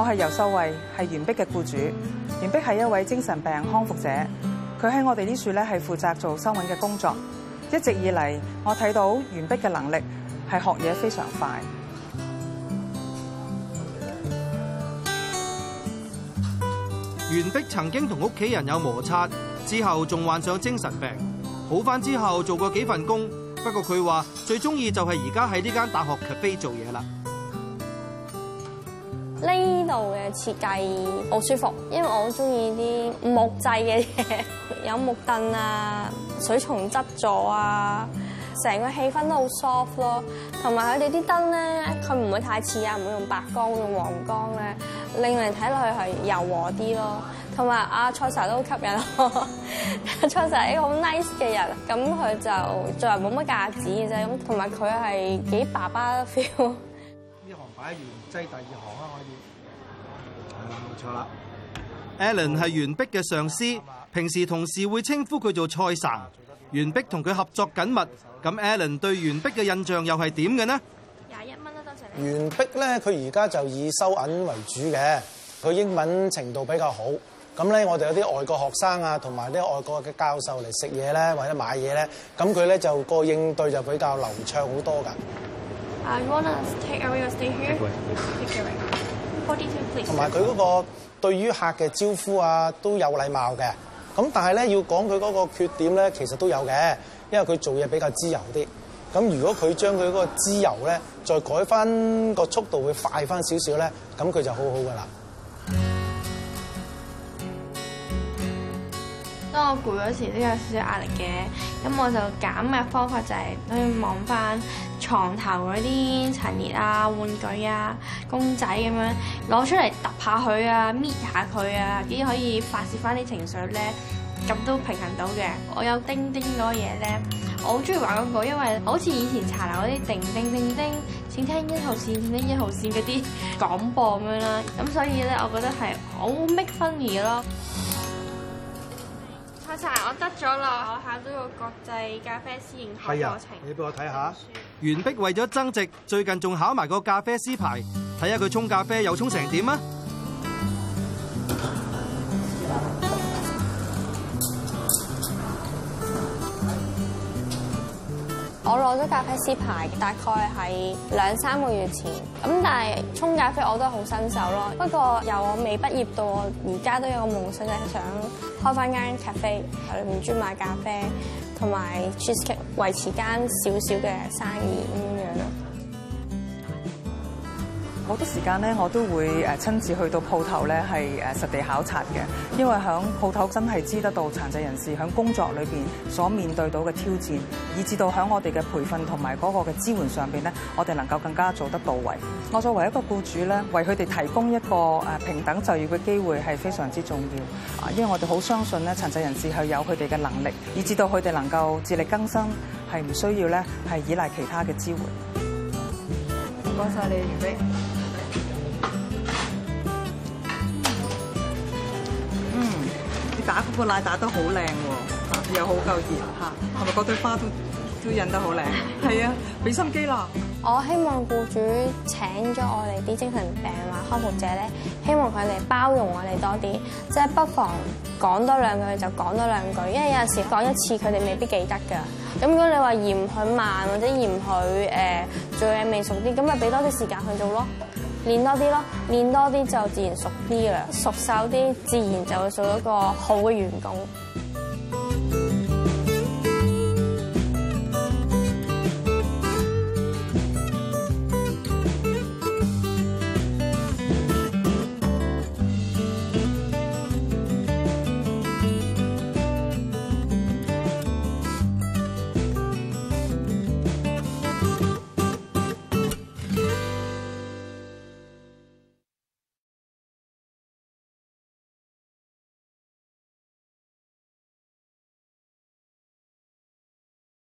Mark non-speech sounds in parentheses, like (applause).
我係游秀慧，係鉉碧嘅雇主。鉉碧係一位精神病康復者，佢喺我哋呢處咧係負責做收銀嘅工作。一直以嚟，我睇到鉉碧嘅能力係學嘢非常快。鉉碧曾經同屋企人有摩擦，之後仲患上精神病。好返之後做過幾份工，不過佢話最鍾意就係而家喺呢間大學咖啡做嘢啦。呢度嘅設計好舒服，因為我好中意啲木製嘅嘢， (laughs) 有木凳啊、水松質座啊，成個氣氛都好 soft 咯。同埋佢哋啲燈咧，佢唔會太刺眼，唔會用白光，用黃光咧，令人睇落去係柔和啲咯。同埋阿蔡 Sir 都好吸引，蔡 Sir 係一個好 nice 嘅人，咁佢就做人冇乜架子嘅啫。咁同埋佢係幾爸爸 feel。買完擠第二行啊！可以，係啦，冇錯啦。Allen 係鉉碧嘅上司，平時同事會稱呼佢做蔡神。鉉碧同佢合作緊密，咁 Allen 對鉉碧嘅印象又係點嘅呢？廿一蚊啊！多謝你。鉉碧咧，佢而家就以收銀為主嘅。佢英文程度比較好，咁咧我哋有啲外國學生啊，同埋啲外國嘅教授嚟食嘢咧，或者買嘢咧，咁佢咧就個應對就比較流暢好多噶。啊，want to take away、uh, stay here？Forty-two，please。同埋佢嗰個對於客嘅招呼啊，都有禮貌嘅。咁但係咧，要講佢嗰個缺點咧，其實都有嘅。因為佢做嘢比較自由啲。咁如果佢將佢嗰個自由咧，再改翻個速度會快翻少少咧，咁佢就好好噶啦。當我攰嗰時都有少少壓力嘅，咁我就減壓方法就係去望翻床頭嗰啲陳列啊、玩具啊、公仔咁樣攞出嚟揼下佢啊、搣下佢啊，啲可以發泄翻啲情緒咧，咁都平衡到嘅。我有叮叮嗰嘢咧，我好中意玩嗰個，因為好似以前茶樓嗰啲叮叮叮叮，請聽一號線，請聽一號線嗰啲廣播咁樣啦。咁所以咧，我覺得係好 make fun 咯。我得咗咯！我考咗個國際咖啡師認可課程，你俾我睇下。鉉碧為咗增值，最近仲考埋個咖啡師牌，睇下佢沖咖啡又沖成點啊！我攞咗咖啡師牌大概係兩三個月前。咁但係沖咖啡我都係好新手咯。不過由我未畢業到我而家都有個夢想，就係想開翻間咖啡，裏面專賣咖啡同埋 cheesecake，維持間少少嘅生意。好多時間咧，我都會誒親自去到鋪頭咧，係誒實地考察嘅。因為喺鋪頭真係知得到殘疾人士喺工作裏邊所面對到嘅挑戰，以至到喺我哋嘅培訓同埋嗰個嘅支援上邊咧，我哋能夠更加做得到位。我作為一個僱主咧，為佢哋提供一個誒平等就業嘅機會係非常之重要。因為我哋好相信咧，殘疾人士係有佢哋嘅能力，以至到佢哋能夠自力更生，係唔需要咧係依賴其他嘅支援。唔該晒，你，預備。打嗰個奶打得好靚喎，又好夠熱嚇，係咪嗰對花都都印得好靚？係 (laughs) 啊，俾心機啦。我希望僱主請咗我哋啲精神病患康復者咧，希望佢哋包容我哋多啲，即係不妨講多兩句就講多兩句，因為有時講一次佢哋未必記得㗎。咁如果你話嫌佢慢或者嫌佢誒做嘢未熟啲，咁咪俾多啲時間佢做咯。練多啲咯，練多啲就自然熟啲啦，熟手啲，自然就會做到一個好嘅員工。